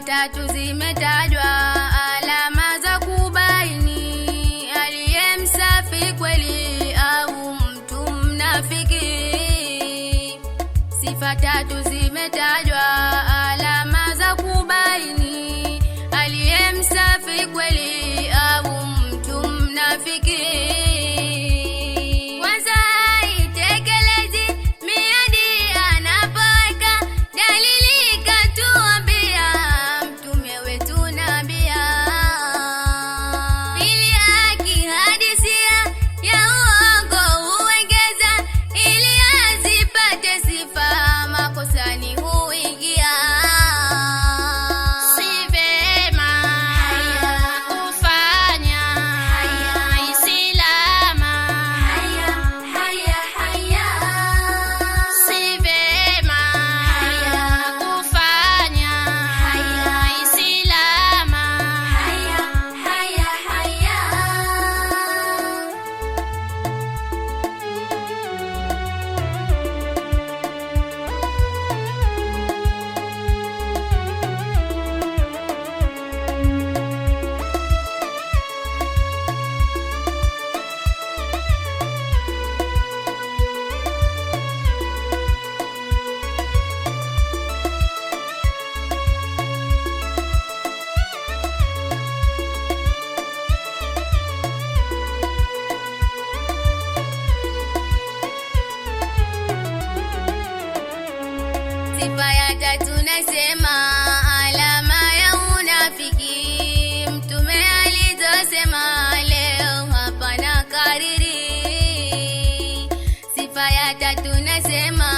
tatu zimetajwa, alama za kubaini aliye msafi kweli au mtu mnafiki. Sifa tatu zimetajwa, alama za kubaini aliye msafi kweli au mtu mnafiki. hata tunasema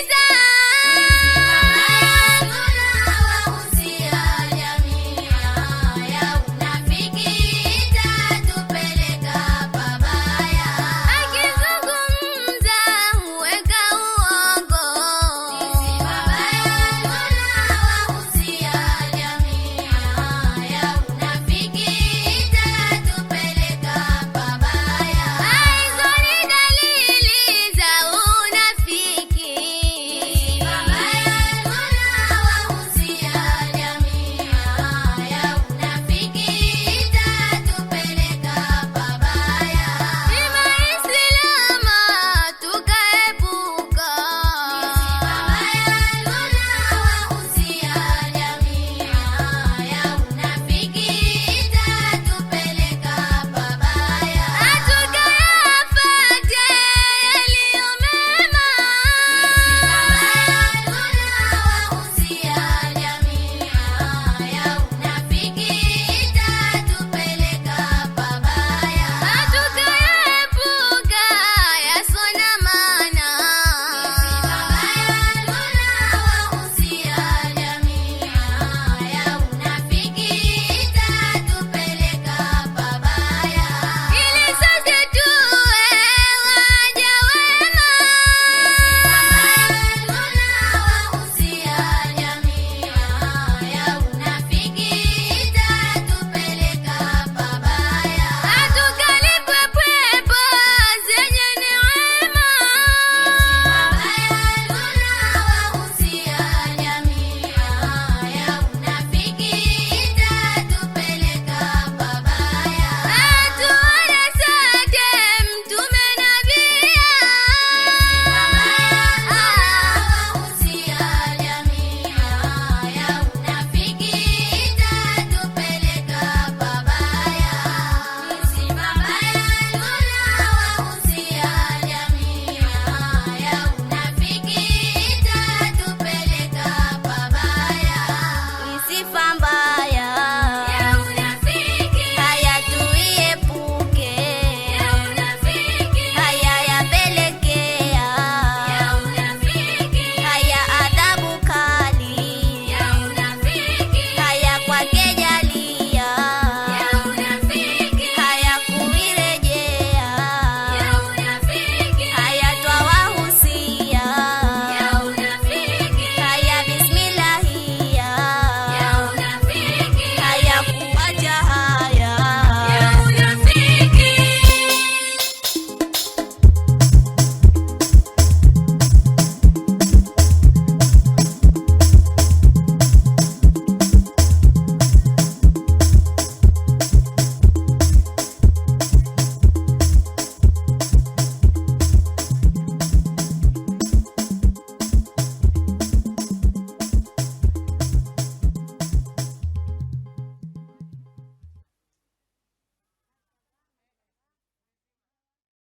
Lisa!